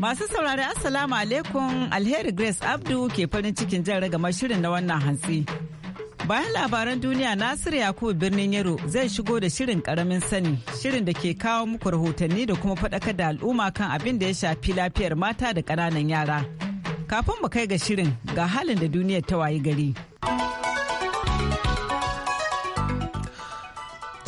Masu saurari Assalamu alaikum Alheri Grace Abdu ke farin cikin jan ragamar shirin na wannan hantsi. Bayan labaran duniya Nasiru Yakubu birnin Yaro zai shigo da shirin karamin sani, shirin da ke kawo muku rahotanni da kuma faɗakar da al'umma kan abin da ya shafi lafiyar mata da ƙananan yara. Kafin mu kai ga shirin ga halin da duniyar ta wayi gari.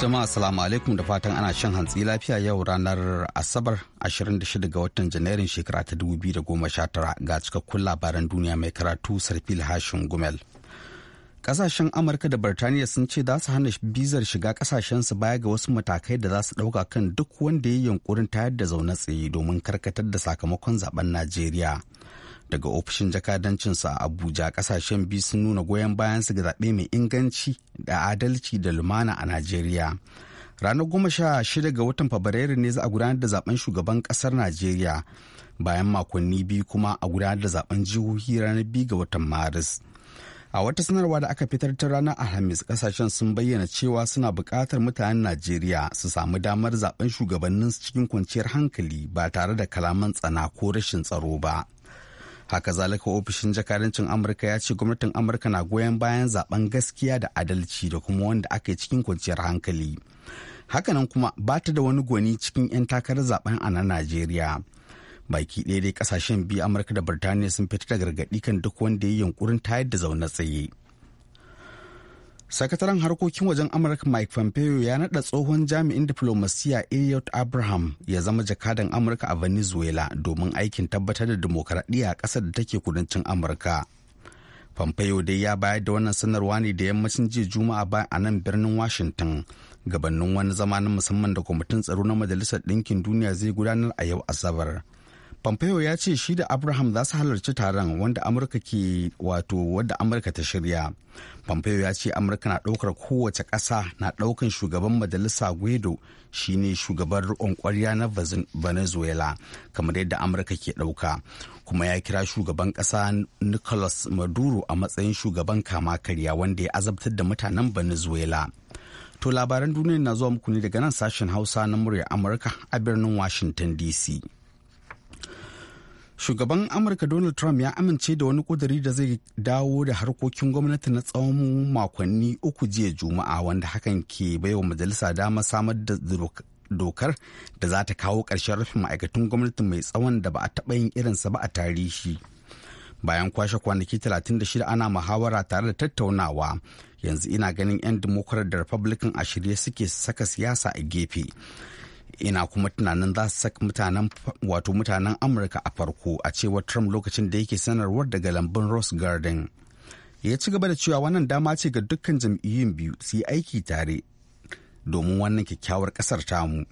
Jama'a salamu alaikum da fatan ana shan hantsi lafiya yau ranar Asabar 26 ga watan Janairun shekara ta 2019 ga cikakkun labaran duniya mai karatu Sarfil hashin Gumel. Kasashen Amurka da Birtaniya sun ce za su hana bizar shiga kasashensu baya ga wasu matakai da za su ɗauka kan duk wanda ya yi yunkurin tayar da zaune tsaye domin karkatar da sakamakon zaben Najeriya. daga ofishin jakadancinsa a abuja kasashen biyu sun nuna goyon bayan su ga zaɓe mai inganci da adalci da lumana a najeriya ranar goma sha shida ga watan fabrairu ne za a gudanar da zaben shugaban ƙasar najeriya bayan makonni biyu kuma a gudanar da zaben jihohi ranar biyu ga watan maris a wata sanarwa da aka fitar ta ranar alhamis kasashen sun bayyana cewa suna buƙatar mutanen najeriya su samu damar zaben shugabanninsu cikin kwanciyar hankali ba tare da kalaman tsana ko rashin tsaro ba. haka zalika ofishin jakarancin amurka ya ce gwamnatin amurka na goyon bayan zaben gaskiya da adalci da kuma wanda aka yi cikin kwanciyar hankali hakanan kuma ba ta da wani gwani cikin 'yan takarar zaben a na najeriya baki ɗaya dai kasashen biyu amurka da birtaniya sun fita da gargaɗi kan duk wanda ya yi yunkurin tayar da zaune tsaye sakataren harkokin wajen amurka mike pompeo ya nada tsohon jami'in diflomasiya elliot abraham ya zama jakadan amurka a venezuela domin aikin tabbatar da demokaradiyya a ƙasar da take kudancin amurka pompeo dai ya bayar da wannan sanarwa ne da yammacin jiya juma'a ba a nan birnin washington gabanin wani zama na musamman da kwamitin tsaro na majalisar ɗinkin duniya zai gudanar a yau asabar. Pompeo ya ce shi da Abraham za su halarci taron wanda Amurka ke wato wadda Amurka ta shirya. Pompeo ya ce Amurka na ɗaukar kowace ƙasa na ɗaukan shugaban majalisa Guaido shine shugaban riƙon ƙwarya na Venezuela kamar yadda Amurka ke ɗauka. Kuma ya kira shugaban ƙasa Nicolas Maduro a matsayin shugaban kama karya wanda ya azabtar da mutanen Venezuela. To labaran duniya na zuwa muku ne daga nan sashen Hausa na murya Amurka a birnin Washington DC. shugaban amurka donald trump ya amince da wani kuduri da zai dawo da harkokin gwamnati na tsawon makonni uku jiya juma'a wanda hakan ke baiwa majalisa dama samar da dokar da za ta kawo ƙarshen rufin ma'aikatan gwamnati mai tsawon da ba a taɓa yin irinsa ba a tarihi bayan kwashe kwanaki 36 ana muhawara tare da tattaunawa yanzu ina ganin 'yan da republican a shirye suke saka siyasa a gefe ina kuma tunanin za su saka mutanen wato mutanen amurka a farko a cewar trump lokacin da yake sanarwar daga lambun rose garden ya ci gaba da cewa wannan dama ce ga dukkan jam'iyyun biyu su yi aiki tare domin wannan kyakkyawar kasar tamu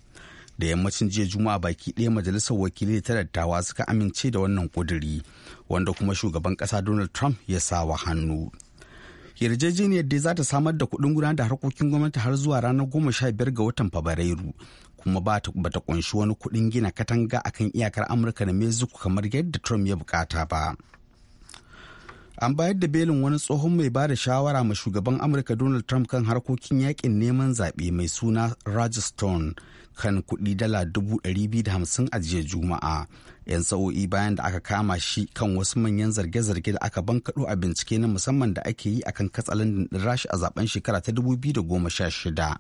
da yammacin jiya juma'a baki ɗaya majalisar wakilai ta dattawa suka amince da wannan ƙuduri wanda kuma shugaban ƙasa donald trump ya sa wa hannu yarjejeniyar dai za ta samar da kuɗin gudanar da harkokin gwamnati har zuwa ranar goma sha biyar ga watan fabrairu kuma ba ta kunshi wani kuɗin gina katanga a kan iyakar amurka da mexico kamar yadda trump ya bukata ba an bayar da belin wani tsohon mai ba da shawara ma shugaban amurka donald trump kan harkokin yakin neman zaɓe mai suna roger kan kuɗi dala dubu ɗari biyu da hamsin a jiya juma'a yan sa'o'i bayan da aka kama shi kan wasu manyan zarge-zarge da aka bankaɗo a bincike na musamman da ake yi akan katsalandin ɗin rashi a zaben shekara ta dubu biyu da goma sha shida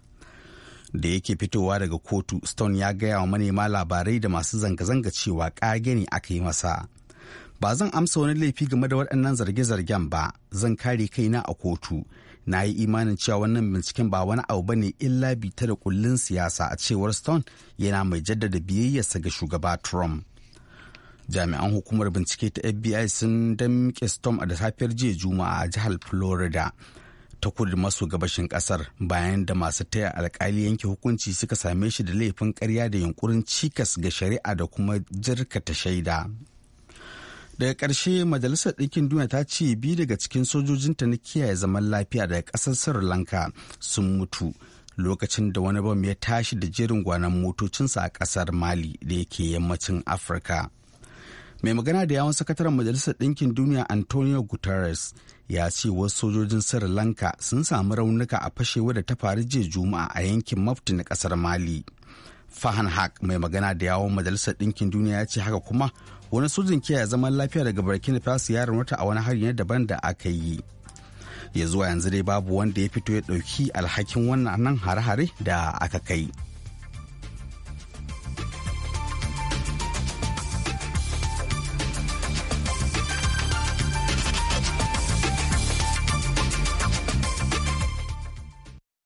da yake fitowa daga kotu stone ya gaya wa manema labarai da masu zanga-zanga cewa ƙage ne aka yi masa ba zan amsa wani laifi game da waɗannan zarge-zargen ba zan kare kaina a kotu na yi imanin cewa wannan binciken ba wani abu bane illa bita da kullun siyasa a cewar stone yana mai jaddada biyayyarsa ga shugaba trump jami'an hukumar bincike ta fbi sun damke Stone a da safiyar jiya juma'a a jihar florida ta kudu maso gabashin kasar bayan da masu taya alkali yanke hukunci suka same shi da laifin karya da yunkurin cikas ga shari'a da kuma jirkata shaida daga ƙarshe majalisar ɗinkin duniya ta ce biyu daga cikin sojojinta na kiyaye zaman lafiya daga ƙasar sri lanka sun mutu lokacin da wani bam ya tashi da jerin gwanon motocinsa a ƙasar mali da yake yammacin afirka mai magana da yawon sakataren majalisar ɗinkin duniya antonio guterres ya ce wasu sojojin sri lanka sun samu raunuka a fashewa da ta faru jiya juma'a a yankin mafti na ƙasar mali fahan haq mai magana da yawon majalisar ɗinkin duniya ya ce haka kuma wani sojin kiyaye zama lafiya daga burkina faso ya raunata a wani hari na daban da aka yi ya zuwa yanzu dai babu wanda ya fito ya ɗauki alhakin wannan nan hare-hare da aka kai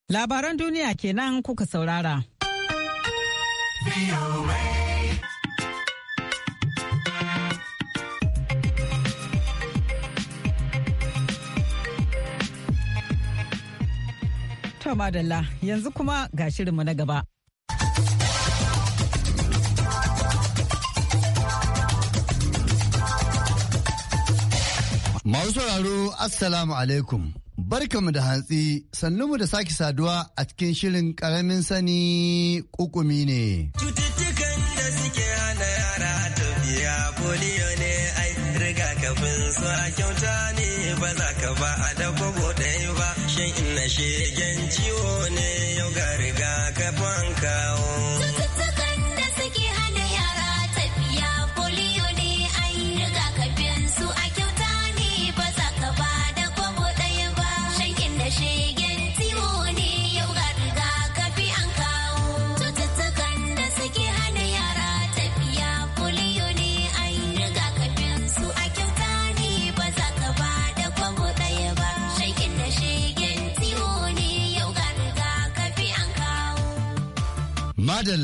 labaran duniya kenan kuka saurara. madalla yanzu kuma ga shirinmu na gaba. Masu sauraro Assalamu alaikum. Barkamu da hantsi sannunmu da sake saduwa a cikin shirin karamin sani kukumi ne. Cututtukan da suke hana yara tafiya polio ne ai kafin su a kyauta ne ba za ka ba a da ɗaya ba shan ina shegen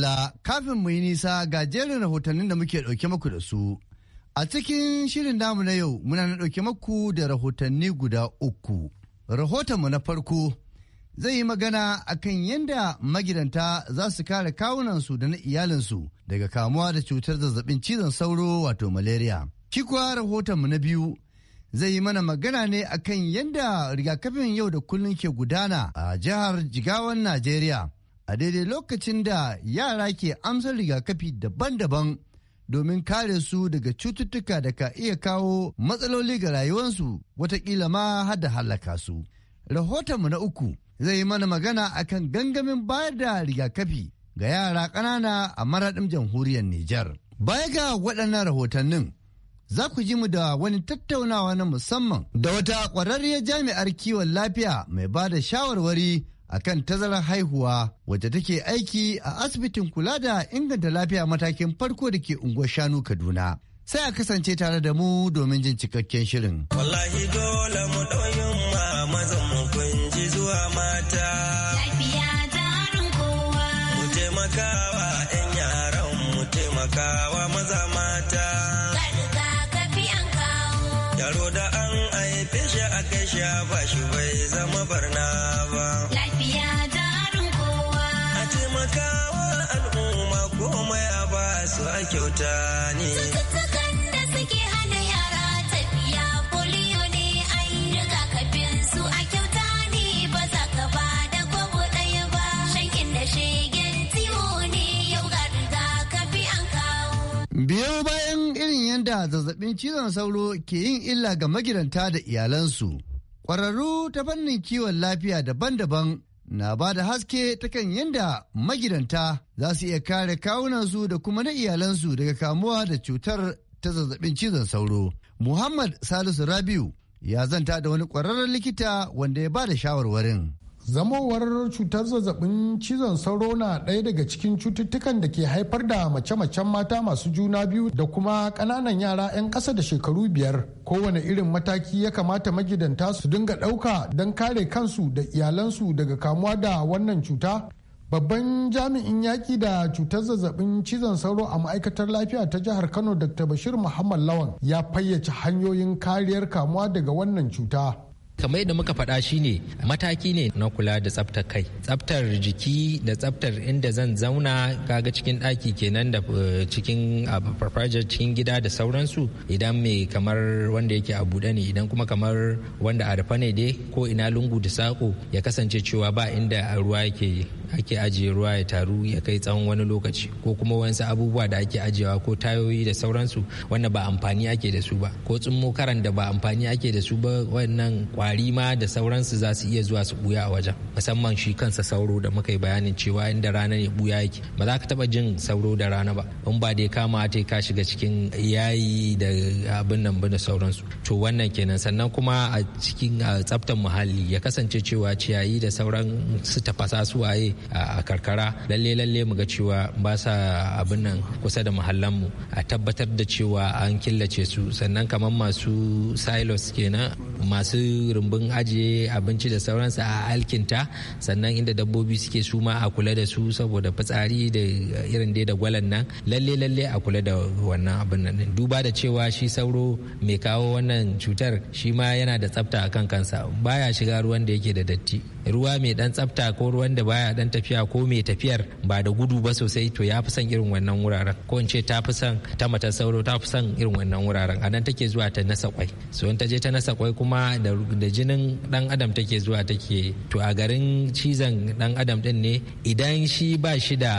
Abdullah kafin mu yi nisa ga jerin rahotannin da muke ɗauke muku da su. A cikin shirin namu na yau muna na ɗauke maku da rahotanni guda uku. Rahotonmu na farko zai yi magana a kan yadda magidanta za su kare kawunansu da na iyalinsu daga kamuwa da cutar zazzabin cizon sauro wato malaria. Shi kuwa rahotonmu na biyu zai yi mana magana ne a kan yadda rigakafin yau da kullum ke gudana a jihar Jigawan Najeriya. a daidai lokacin da yara ke amsar rigakafi daban-daban domin kare su daga cututtuka da ka iya kawo matsaloli ga rayuwarsu watakila ma hada halaka su. Rahotonmu na uku zai yi mana magana akan gangamin bayar da rigakafi ga yara ƙanana a maraɗin jamhuriyar Nijar. Baya ga waɗannan rahotannin, za ku ji mu da wani tattaunawa na musamman da wata ƙwararriyar jami'ar kiwon lafiya mai ba da shawarwari akan tazarar haihuwa wadda take aiki a asibitin kula da inganta lafiya matakin farko da ke unguwar shanu Kaduna. Sai a kasance tare da mu domin jin cikakken shirin. Wallahi dole mu kyauta ne. Cututtukan da suke hana yara tafiya polio ne ai rigakafin su a kyauta ne ba za ka ba da kwabo ɗaya ba. Shankin da shegen tiwo ne yau ga rigakafi an kawo. Biyo bayan irin yadda zazzabin cizon sauro ke yin illa ga magiranta da iyalansu. ƙwararru ta fannin kiwon lafiya daban-daban na ba da haske ta kan yadda magidanta za su iya kare kawunansu da kuma na iyalansu daga kamuwa da cutar ta zazzabin cizon sauro. Muhammad Salisu Rabiu ya zanta da wani ƙwararren likita wanda ya ba da shawarwarin. zamowar cutar zazzabin cizon sauro na ɗaya daga cikin cututtukan da ke haifar da mace-macen mata masu juna biyu da kuma ƙananan yara 'yan ƙasa da shekaru biyar kowane irin mataki ya kamata magidanta su dinga ɗauka don kare kansu da iyalansu daga kamuwa da wannan cuta babban jami'in yaƙi da cutar zazzabin cizon sauro a ma'aikatar lafiya ta jihar kano dr bashir muhammad lawan ya fayyace hanyoyin kariyar kamuwa daga wannan cuta kamar yadda muka faɗa shine mataki ne na kula da tsaftar kai tsaftar jiki da tsaftar inda zan zauna kaga cikin ɗaki kenan da eh, cikin farfajar cikin gida da sauransu idan mai kamar wanda yake a buɗe ne idan kuma kamar wanda a rufe ne dai ko ina lungu da saƙo ya kasance cewa ba inda ruwa yake ake ajiye ruwa ya taru ya kai tsawon wani lokaci ko kuma wasu abubuwa da ake ajiyewa ko tayoyi da sauransu wanda ba amfani ake da su ba ko tsummo karan da ba amfani ake da su ba wannan kwari ma da sauransu za su iya zuwa su buya a wajen musamman shi kansa sauro da muka yi bayanin cewa inda rana ne buya yake ba za ka taba jin sauro da rana ba in ba dai kama ta ka shiga cikin yayi da abin nan da sauransu to wannan kenan sannan kuma a cikin tsaftar muhalli ya kasance cewa ciyayi da sauran su tafasa su waye a karkara lalle lalle mu ga cewa ba sa abin nan kusa da mu a tabbatar da cewa an killace su sannan kamar masu silos kenan masu rumbun ajiye abinci da sauransu a alkinta sannan inda dabbobi suke su ma a kula da su saboda fitsari da irin dai da gwalan nan lalle lalle a kula da wannan abin nan duba da cewa shi sauro mai kawo wannan cutar shi ma yana da tsafta a kan kansa baya shiga ruwan da yake da datti ruwa mai dan tsafta ko ruwan da baya dan tafiya ko mai tafiyar ba da gudu ba sosai to ya fi son irin wannan wuraren ko in ce ta fi son ta mata sauro ta fi son irin wannan wuraren a nan take zuwa ta nasa kwai so in ta je ta nasa kwai kuma da jinin dan adam take zuwa take to a garin cizon dan adam din ne idan shi ba shi da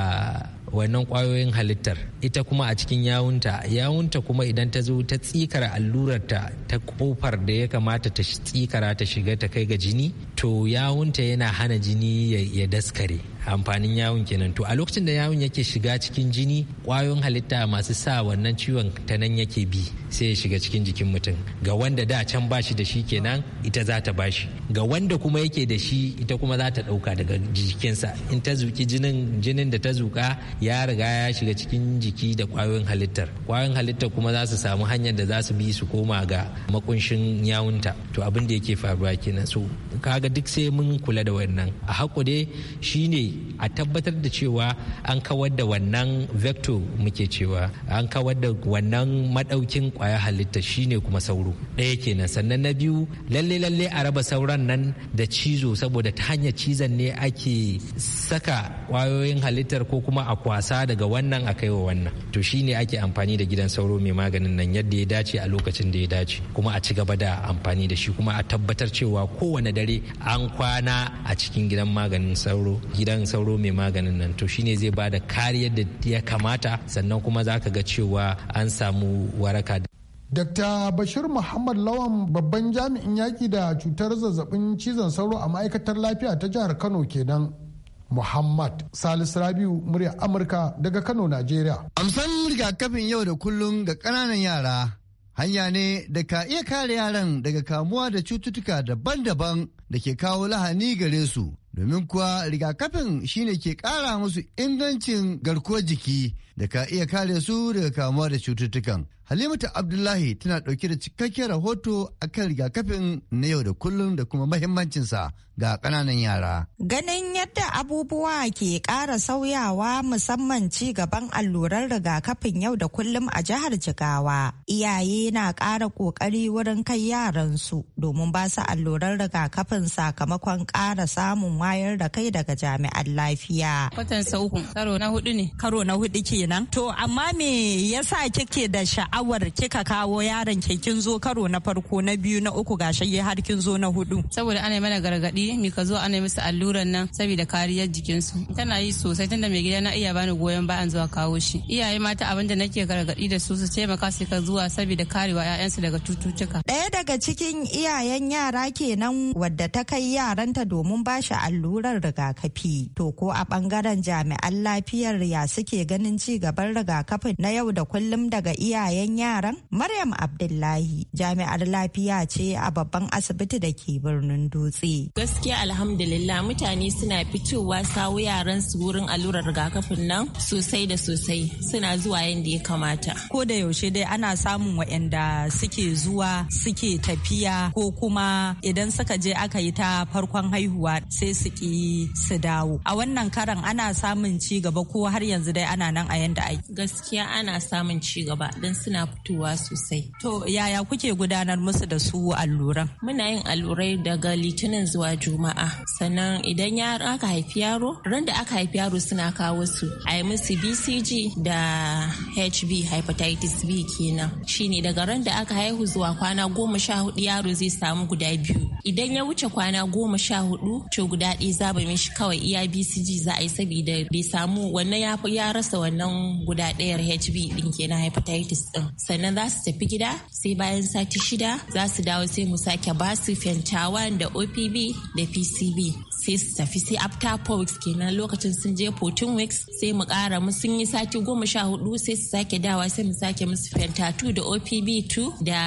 wannan kwayoyin halittar ita kuma a cikin yawunta yawunta kuma idan ta zo ta tsikara allurar ta kofar da ya kamata ta tsikara ta shiga ta kai ga jini to yawunta yana hana jini ya daskare amfanin yawun kenan to a lokacin da yawun yake shiga cikin jini kwayoyin halitta masu sa wannan ciwon ta nan yake bi sai ya shiga cikin jikin mutum ga wanda da can bashi da shi kenan ita za ta bashi ga wanda kuma yake da shi ita kuma za ta ɗauka daga jikinsa in ta zuki jinin jinin da ta zuka ya riga ya shiga cikin jiki da kwayoyin halittar kwayoyin halittar kuma za su samu hanyar da za su bi su koma ga makunshin yawunta to abin da yake faruwa kenan so kaga duk sai mun kula da wannan a hakure shine a tabbatar da cewa an kawar da wannan vector muke cewa an kawar da wannan madaukin kwaya halitta shine kuma sauro ɗaya kenan sannan na biyu lalle lalle a raba sauran nan da cizo saboda ta hanyar cizon ne ake saka kwayoyin halittar ko kuma a kwasa daga wannan a kaiwa wannan to shine ake amfani da gidan sauro mai maganin nan yadda ya dace a lokacin da ya dace kuma a ci gaba da amfani da shi kuma a tabbatar cewa kowane dare an kwana a cikin gidan maganin sauro gidan sauro mai maganin nan to shine zai bada da kariyar da ya kamata sannan kuma za ka ga cewa an samu waraka da Dr. Bashir Muhammad Lawan babban jami'in yaƙi da cutar zazzabin cizon sauro a ma'aikatar lafiya ta jihar Kano kenan. Muhammad Salisu Rabiu murya Amurka daga Kano, Najeriya. Amsan rigakafin yau da kullum ga ƙananan yara hanya ne da ka iya kare yaran daga kamuwa da cututtuka daban-daban da ke kawo lahani gare su. Domin kuwa rigakafin shine ke ƙara musu ingancin garkuwar jiki. da ka iya kare su daga kamuwa da cututtukan. ta Abdullahi tana ɗauke da cikakken rahoto a kan rigakafin na yau da kullum da kuma mahimmancinsa ga ƙananan yara. Ganin yadda abubuwa ke ƙara sauyawa musamman ci gaban alluran rigakafin yau da kullum a jihar Jigawa. Iyaye na ƙara ƙoƙari wurin kai yaransu domin ba su alluran rigakafin sakamakon ƙara samun wayar da kai daga jami'an lafiya. sa uku, karo na hudu ne. Karo na hudu kenan. kenan to amma me yasa kike da sha'awar kika kawo yaron kekin kin zo karo na farko na biyu na uku gashi har kin zo na hudu saboda ana mana gargadi mi ka zo ana musu alluran nan saboda kariyar jikinsu tana yi sosai tunda mai gida na iya bani goyon bayan zuwa kawo shi iyaye mata abin da nake gargadi da su su taimaka su ka zuwa saboda karewa 'ya'yansu daga cututtuka ɗaya daga cikin iyayen yara kenan wadda ta kai yaranta domin ba shi allurar rigakafi to ko a bangaren jami'an lafiyar ya suke ganin ci gaban rigakafin na yau da kullum daga iyayen yaran? Maryam Abdullahi jami'ar lafiya ce a babban asibiti da ke birnin Dutse. Gaskiya alhamdulillah mutane suna fitowa sawu yaran su wurin allurar rigakafin nan sosai da sosai suna zuwa yadda ya kamata. Ko da yaushe dai ana samun waɗanda suke zuwa suke tafiya ko kuma idan suka je aka yi ta farkon haihuwa sai su ki su dawo. A wannan karan ana samun ci gaba ko har yanzu dai ana nan a da ake. gaskiya ana samun ci gaba don suna fitowa sosai to yaya kuke gudanar musu da su alluran muna yin allurai daga litinin zuwa juma'a sannan idan yaro aka haifi yaro ran da aka haifi yaro suna kawo su a yi musu bcg da hb hepatitis b kenan shine daga ran da aka haihu zuwa kwana goma sha hudu yaro zai samu guda biyu idan ya wuce kwana goma sha hudu to guda ɗaya zaba mishi kawai iya bcg za a yi saboda bai samu wannan ya rasa wannan kusan guda ɗayar hb din kenan hepatitis ɗin. sannan za su tafi gida sai bayan sati shida za su dawo sai mu sake ba su fentawan da opb da pcb sai su tafi sai after four weeks kenan lokacin sun je 14 weeks sai mu ƙara mu sun yi sati goma sha hudu sai su sake dawa sai mu sake musu 2 da opb 2 da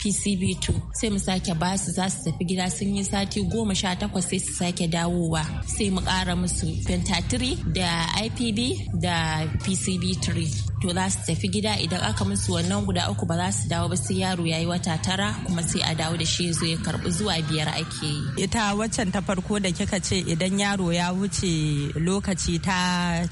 pcb2 sai mu sake ba su za su tafi gida sun yi sati goma sha takwas sai su sake dawowa sai mu ƙara musu 3 da ipb da pcb3 to za su tafi gida idan aka musu wannan guda uku ba za su dawo ba sai yaro ya yi wata tara kuma sai a dawo da shi zo ya karɓi zuwa biyar ake yi ita waccan ta farko da kika ce idan yaro ya wuce lokaci ta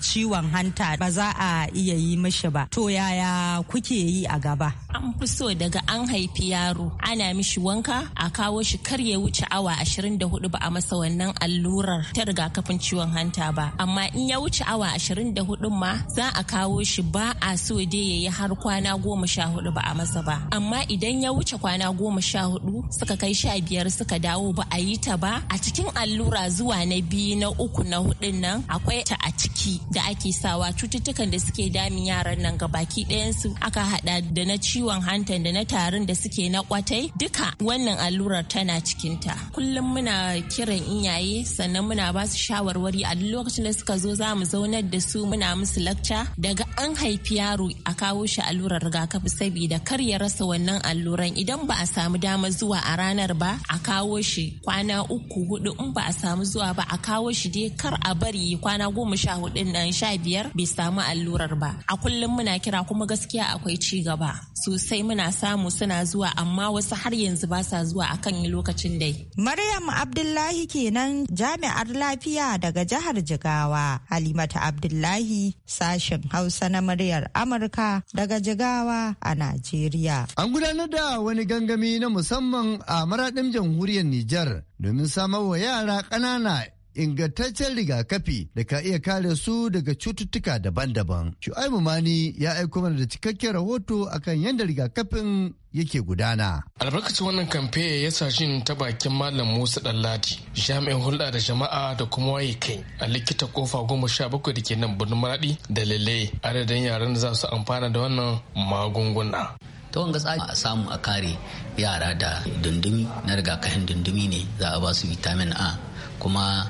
ciwon hanta ba za a iya yi mishi ba to yaya kuke yi a gaba an fi so daga an haifi yaro ana mishi wanka a kawo shi kar ya wuce awa ashirin 24 ba a masa wannan allurar ta rigakafin ciwon hanta ba amma in ya wuce awa 24 ma za a kawo shi ba a so dai ya yi har kwana goma sha hudu ba a masa ba amma idan ya wuce kwana goma sha hudu suka kai sha biyar suka dawo ba a yi ta ba a cikin allura zuwa na biyu na uku na hudun nan akwai ta a ciki da ake sawa cututtukan da suke damin yaran nan gabaki ɗayansu aka hada da na ciwon hanta da na tarin da suke na kwatai duka wannan allurar tana cikinta kullum muna kiran iyaye sannan muna ba su shawarwari a lokacin da suka zo za mu zaunar da su muna musu lakca daga an haifi yaro a kawo shi allurar rigakafi saboda kar ya rasa wannan alluran idan ba a samu dama zuwa a ranar ba a kawo shi kwana uku hudu in ba a samu zuwa ba a kawo shi dai kar a bari kwana goma sha hudu nan sha biyar bai samu allurar ba a kullum muna kira kuma gaskiya akwai ci gaba sosai muna samu suna zuwa amma wasu har yanzu ba sa zuwa akan yi lokacin dai. Maryam Abdullahi kenan jami'ar lafiya daga jihar Jigawa, Halimata Abdullahi sashen Hausa na muryar Amurka daga Jigawa a Najeriya. An gudanar da wani gangami na musamman a maradin jamhuriyar Nijar domin samar wa yara ƙanana ingantaccen rigakafi da ka iya kare su daga cututtuka daban-daban. Shu'aibu Mani ya aiko mana da cikakken rahoto a kan yadda rigakafin yake gudana. Albarkacin wannan kamfe ya sa shi ta bakin Malam Musa Dallati, jami'in hulɗa da jama'a da kuma waye kai a likita kofa goma sha bakwai da ke nan birnin Maraɗi da Lele adadin yaran da za su amfana da wannan magunguna. ta wanga tsari a samu a kare yara da dundumi na rigakafin dundumi ne za a ba su vitamin a kuma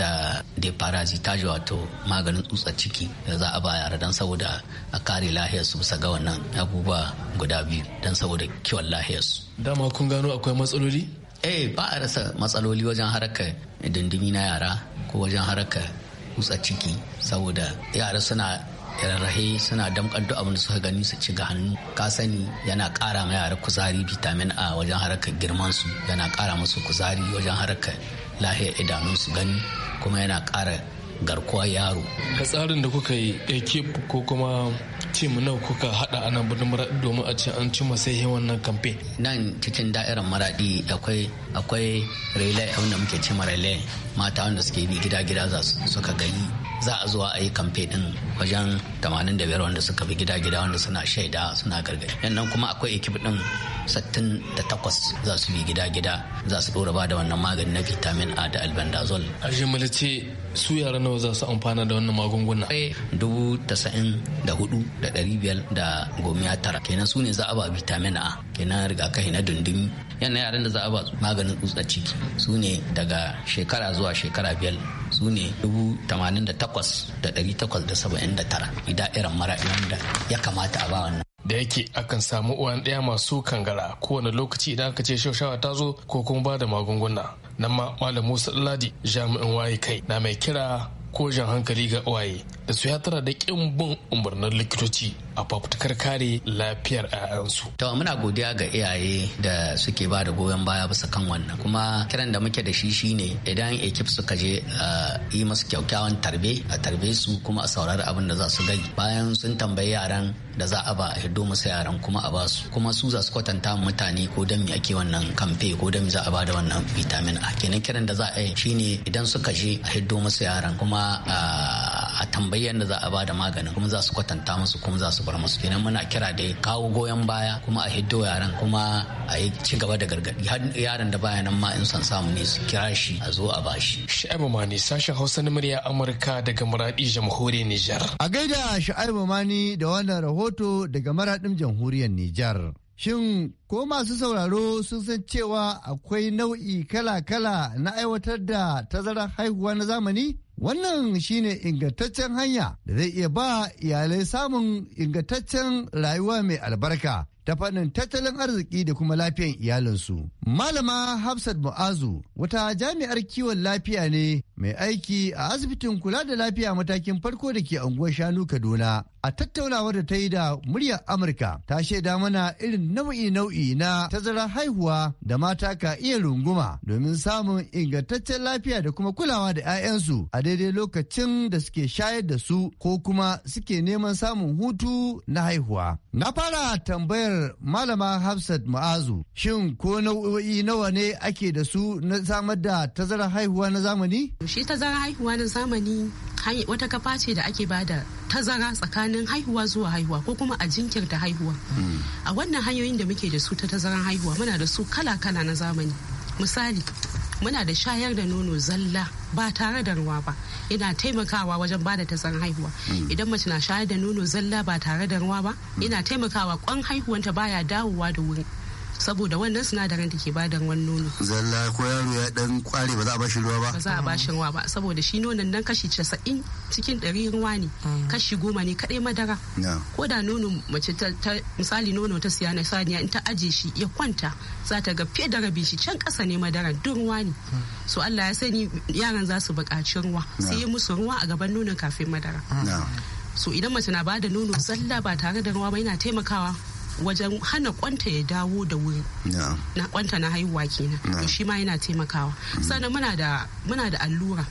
da deparasitage wato maganin tsutsa ciki da za a ba yara don saboda a kare lahiyarsu bisa ga wannan abubuwa guda biyu don saboda kiwon lahiyarsu. Dama kun gano akwai matsaloli? Eh ba a rasa matsaloli wajen haraka dindimi na yara ko wajen haraka tsutsa ciki saboda yara suna rarrahe suna damkar duk abin da suka gani su ci ga hannu ka sani yana kara ma yara kuzari vitamin a wajen haraka girman su yana kara musu kuzari wajen harkar lahiyar idanun su gani kuma yana ƙara garkuwa yaro. ka tsarin da kuka yi ekip ko kuma tim nawa kuka hada ana budin maradi domin a ce an cimma sai wannan kamfe. nan cikin da'irar maradi akwai akwai relay wanda muke cima relay mata wanda suke bi gida gida za su suka gani za a zuwa a yi kamfe ɗin wajen 85 wanda suka bi gida-gida wanda suna shaida suna gargaɗi yannan kuma akwai ekip din 68 za su bi gida-gida za su ɗora ba da wannan magani na vitamin a da albendazol a jimala ce su yara nawa za su amfana da wannan magunguna eh, dubu tasa'in da hudu da ɗari biyar da gomiya tara kenan su ne za a ba vitamin a kenan rigakafi na dundumi yana yaran da za a ba maganin tsutsar ciki su ne daga shekara zuwa shekara biyar su ne da saba'in tara idan irin mara da ya kamata a ba wannan da yake akan samu uwan ɗaya masu kangara kowane lokaci idan aka ce shaushawa ta zo ko kuma ba da magunguna nan ma malam musa ladi jami'in waye kai na mai kira ko hankali ga uwaye da su ya tara da kin bin umarnin likitoci a fafutukar kare lafiyar 'ya'yansu. To muna godiya ga iyaye da suke ba da goyon baya bisa kan wannan kuma kiran da muke da shi shine idan ekip suka je a eh, yi masu kyaukyawan tarbe a tarbe su kuma a saurari abin da za su gai bayan sun tambayi yaran da za a ba a hiddo musu yaran kuma a basu kuma su za su kwatanta mutane ko dan mi ake wannan kamfe ko dan za a ba da wannan vitamin A kenan kiran da za a yi shine idan suka je a hiddo musu yaran kuma a tambayi yadda za a ba da maganin kuma za su kwatanta musu kuma za su bar musu kenan muna kira da kawo goyon baya kuma a hiddo yaran kuma a yi ci da gargadi har yaran da baya nan ma in san samu ne su kira shi a zo a bashi. Sha'ibu Mani sashen Hausa na murya Amurka daga Maradi jamhuriyar Nijar. A gaida Sha'ibu Mani da wannan rahoto daga Maradin jamhuriyar Nijar. Shin ko masu sauraro sun san cewa akwai nau'i kala-kala na aiwatar da tazarar haihuwa na zamani? Wannan shine ingantaccen hanya da zai iya ba iyalai samun ingantaccen rayuwa mai albarka ta fannin tattalin arziki da kuma lafiyan iyalinsu. Malama Hafsat Mu'azu wata jami'ar kiwon lafiya ne mai aiki a asibitin kula da lafiya matakin farko da ke anguwar shanu Kaduna a tattaunawar da ta yi da muryar Amurka ta shaida mana irin nau'i nau'i na tazarar haihuwa da mata ka iya runguma domin samun ingantaccen lafiya da kuma kulawa da 'ya'yansu a daidai lokacin da suke shayar da su ko kuma suke neman samun hutu na haihuwa. Na fara tambayar malama Hafsat Ma'azu shin ko nau'o'i nawa ne ake da su na samar da tazarar haihuwa na zamani? Shi tazarar haihuwa na zamani wata kafa ce da ake ba da tazara tsakanin haihuwa zuwa haihuwa ko kuma a jinkirta haihuwa a wannan hanyoyin da muke da su ta tazaran haihuwa muna da su kala-kala na zamani misali muna da shayar da nono zalla ba tare da ruwa ba yana taimakawa wajen bada tazaran haihuwa hmm. idan mace na shayar da nono zalla ba tare da ruwa ba hmm. yana taimakawa kwan haihuwanta baya dawowa da wuri saboda wannan sinadarin da ke bada wani nono zalla ko yaro ya dan kware ba za a bashi ruwa ba ba za a bashi ruwa ba saboda shi nonon nan kashi casa'in cikin ɗari ruwa ne mm. kashi goma ne kadai madara ko da nono mace ta misali nono ta siya na saniya in ta aje shi ya kwanta za ta ga fiye da rabi shi can kasa ne madara duk ruwa ne mm. so Allah ya sani yaran za su buƙaci ruwa sai ya musu ruwa a gaban nonon kafin madara mm. so idan mace na bada nono zalla ba tare da ruwa ba yana taimakawa wajen hana kwanta ya dawo da wuri na kwanta na haihuwa kenan to shi ma yana taimakawa mm. sannan muna da muna da allura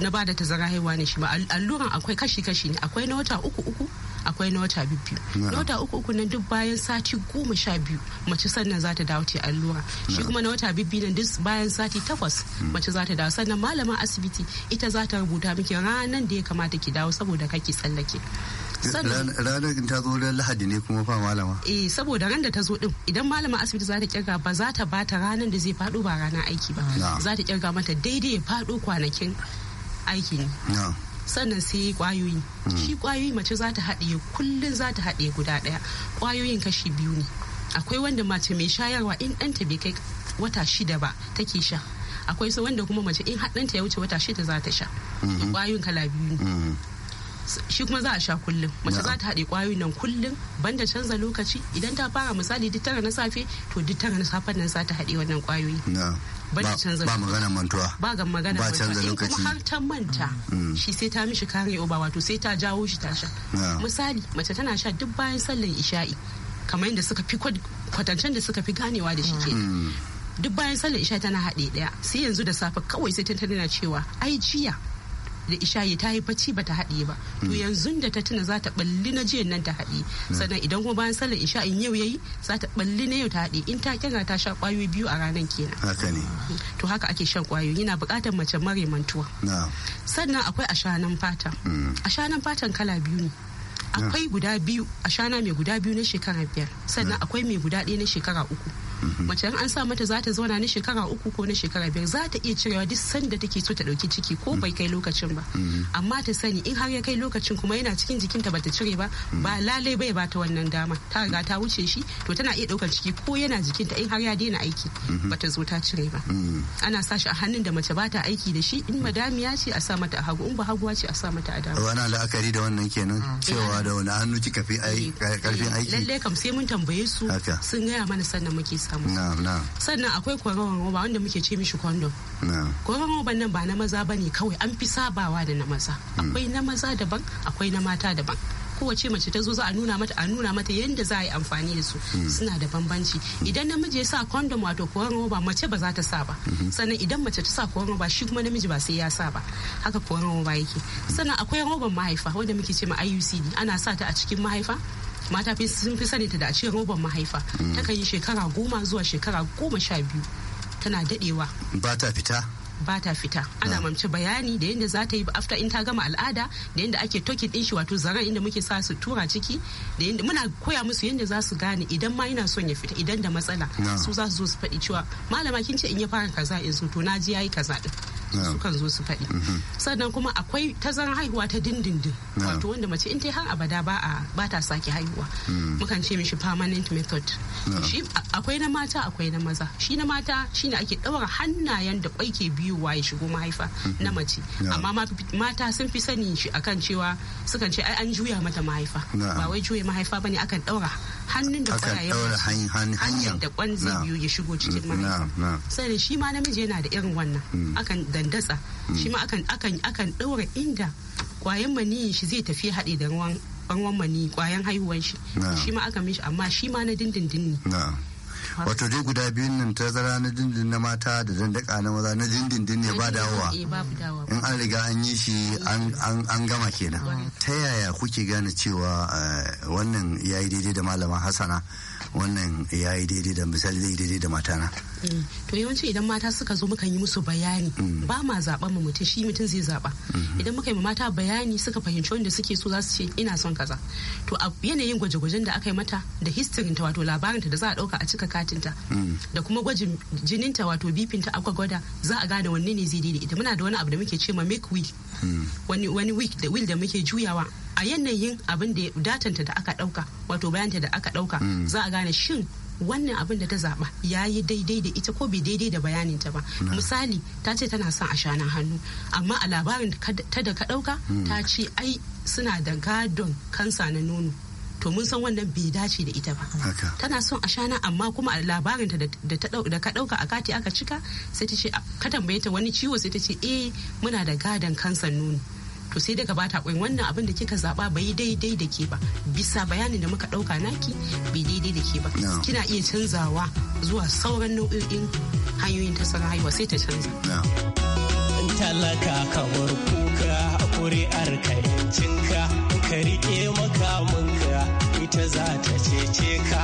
na ba da tazara haihuwa ne shi ba alluran akwai kashi-kashi ne akwai na wata uku uku akwai na wata biyu na wata uku uku nan duk bayan sati goma sha biyu mace sannan za ta dawo ta allura shi kuma na wata biyu nan duk bayan sati takwas mm. mace za ta dawo sannan malaman asibiti ita za ta rubuta miki ranan da ya kamata ki dawo saboda kake tsallake ranar ta zo lahadi ne kuma fa malama eh saboda ran da ta zo din idan malama asibiti za ta kirga ba za ta ba ranar da zai fado ba ranar aiki ba za ta kirga mata daidai ya fado kwanakin aiki ne sannan sai kwayoyi hmm. shi kwayoyi mace za ta haɗiye kullum za ta haɗiye guda ɗaya kwayoyin kashi biyu ne akwai wanda mace mai shayarwa in ɗanta bai kai wata shida ba take sha akwai su wanda kuma mace in haɗanta ya wuce wata shida za ta sha kwayoyin hmm. kala biyu ne hmm. shi kuma za a sha kullum mace za ta haɗe ƙwayoyin nan kullum banda canza lokaci idan ta fara misali duk tara na safe to duk tara na safen nan za ta haɗe wannan kwayoyi banda canza lokaci. ba magana mantuwa ba ga magana ba canza lokaci kuma har ta manta mm. shi sai ta mishi kare oba wato sai ta jawo shi ta sha misali mace tana sha duk bayan sallan isha'i kamar yadda suka fi kwatancen da suka fi ganewa da shi ke mm. duk bayan sallan isha'i tana haɗe ɗaya sai yanzu da safe kawai sai ta tana cewa ai jiya da ishayi ta yi bacci bata haɗe ba to hmm. yanzu da ta tuna za ta balli na jiya nan ta haɗe. Hmm. sannan idan kuma bayan sallar isha'in yau yayi za ta balli na yau ta haɗe. in ta kyana ta sha kwayoyi biyu a ranar kenan haka ne to haka ake shan kwayoyi yana buƙatar mace mare mantuwa sannan akwai ashanan fata hmm. ashanan fatan kala biyu ne akwai guda biyu ashana mai guda biyu na shekara biyar sannan akwai mai guda ɗaya na shekara uku mace an sa mata za ta zauna na shekara uku ko na shekara biyar za ta iya cirewa duk sanda take so ta dauki ciki ko bai kai lokacin ba amma ta sani in har ya kai lokacin kuma yana cikin jikinta bata cire ba ba lalle bai bata wannan dama ta riga ta wuce shi to tana iya daukar ciki ko yana jikinta in har ya daina aiki bata zo ta cire ba ana sa shi a hannun da mace bata aiki da shi in madamiya ce a sa mata a hagu in ba haguwa ce a sa mata a dama wani la'akari da wannan kenan mm. cewa da wani hannu kika fi karfin eh. aiki lalle kam sai mun tambaye su sun gaya mana sannan muke Na musu sannan akwai kwaron roba wanda muke ce mishi kondom kwaron roba nan ba na maza ba ne kawai an fi sabawa da na maza hmm. akwai na maza daban akwai na mata daban kowace mace ta zo za a nuna mata a nuna mata yadda za a yi amfani da su hmm. suna da bambanci hmm. idan namiji ya sa kondom wato kowan roba mace ba za ta sa ba sannan idan mace ta sa kowan roba shi kuma namiji ba sai ya sa ba haka kowan roba yake sannan akwai roban mahaifa wanda muke ce ma IUCD ana sa ta a cikin mahaifa mata sun fi sani ta da a ce roban mahaifa mm. ta yi shekara goma zuwa shekara goma sha biyu tana dadewa ba ta fita ba ta fita ana ah. mamci bayani da yadda za ta yi after in ta gama al'ada da yadda ake tokin din shi wato zaren inda muke sa su tura ciki da yadda muna koya musu yadda za su gane idan ma yana son ya fita idan da matsala ah. su za su zo su faɗi cewa malama kin ce in ya fara kaza in to na ji yayi kaza din sukan zo su faɗi mm-hmm. sannan kuma akwai tazaran haihuwa ta dindindin wato wanda mace in ta har abada ba a ba ta sake haihuwa mm. mukan ce mishi permanent method shi akwai na mata akwai na maza shi na mata shine ake ɗaura hannayen da kwai ke biyowa ya shigo mahaifa mm-hmm. na mace amma mata sun fi sani shi akan cewa sukan ce ai an juya mata mahaifa ba wai juya mahaifa bane akan ɗaura hannun da kwaya hanyar da kwan biyu ya shigo cikin mara sai shi ma namiji yana da irin wannan mm. akan dandatsa mm. shi ma akan akan akan inda kwayan maniyin shi zai tafi haɗe da ruwan ruwan mani kwayan haihuwan shi shi ma aka mishi amma shi ma na dindindin ne wato dai guda biyun nan tazara na dindin na mata da dandaka na maza na dindindin ne ba dawowa eh, in an riga an yi shi an gama kenan ta yaya kuke gane cewa eh, wannan ya yi daidai da malama hasana wannan ya yi daidai da misali daidai da matana Mm. to yawanci idan mata suka zo mukan yi musu bayani mm. ba ma zaɓa mu mutum shi mutum zai zaɓa mm-hmm. idan muka yi mata bayani suka fahimci wanda suke so za su ce ina son kaza to a yanayin gwaje-gwajen da aka yi mata da history ta wato labarinta da za a ɗauka a cika katinta mm. da kuma gwajin jinin ta wato bifinta aka gwada za a gane wanne ne zai daidai ita muna da wani abu da muke ce ma make will wani wani da will da muke juyawa a yanayin abin da datanta da aka dauka wato bayanta da aka ɗauka za a gane shin wannan abin da ta zaba ya yi daidai da ita ko bai daidai da bayanin ta ba misali ta ce tana son ashanan hannu amma a labarin ta da ka dauka hmm. ta ce ai suna da gadon kansa na nono to mun san wannan bai dace da ita ba tana son a shana amma kuma a labarin ta da ka dauka a kati aka cika sai ta ce ka tambaye ta wani ciwo sai ta ce eh muna da gadon kansa nono to sai daga bata kwai wannan abin da kika zaba bai daidai da ke ba bisa bayanin da muka dauka naki bai daidai da ke ba kina iya canzawa zuwa sauran nau'o'in hanyoyin tasarar haihuwa sai ta canza talaka kamar kuka kuri'ar kayancinka ka rike makamanka ita za ta cece ka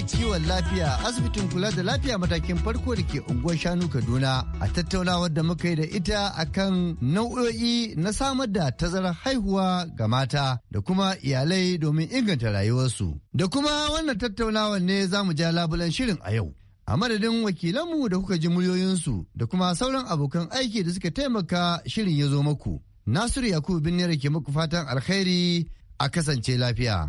jami'ar kiwon lafiya asibitin kula da lafiya matakin farko da ke unguwar shanu kaduna a tattaunawar da muka yi da ita akan nau'o'i na samar da tazarar haihuwa ga mata da kuma iyalai domin inganta rayuwarsu da kuma wannan tattaunawar ne za mu ja labulen shirin a yau a madadin wakilanmu da kuka ji muryoyinsu da kuma sauran abokan aiki da suka taimaka shirin ya zo muku nasiru yakubu bin ke muku fatan alkhairi a kasance lafiya.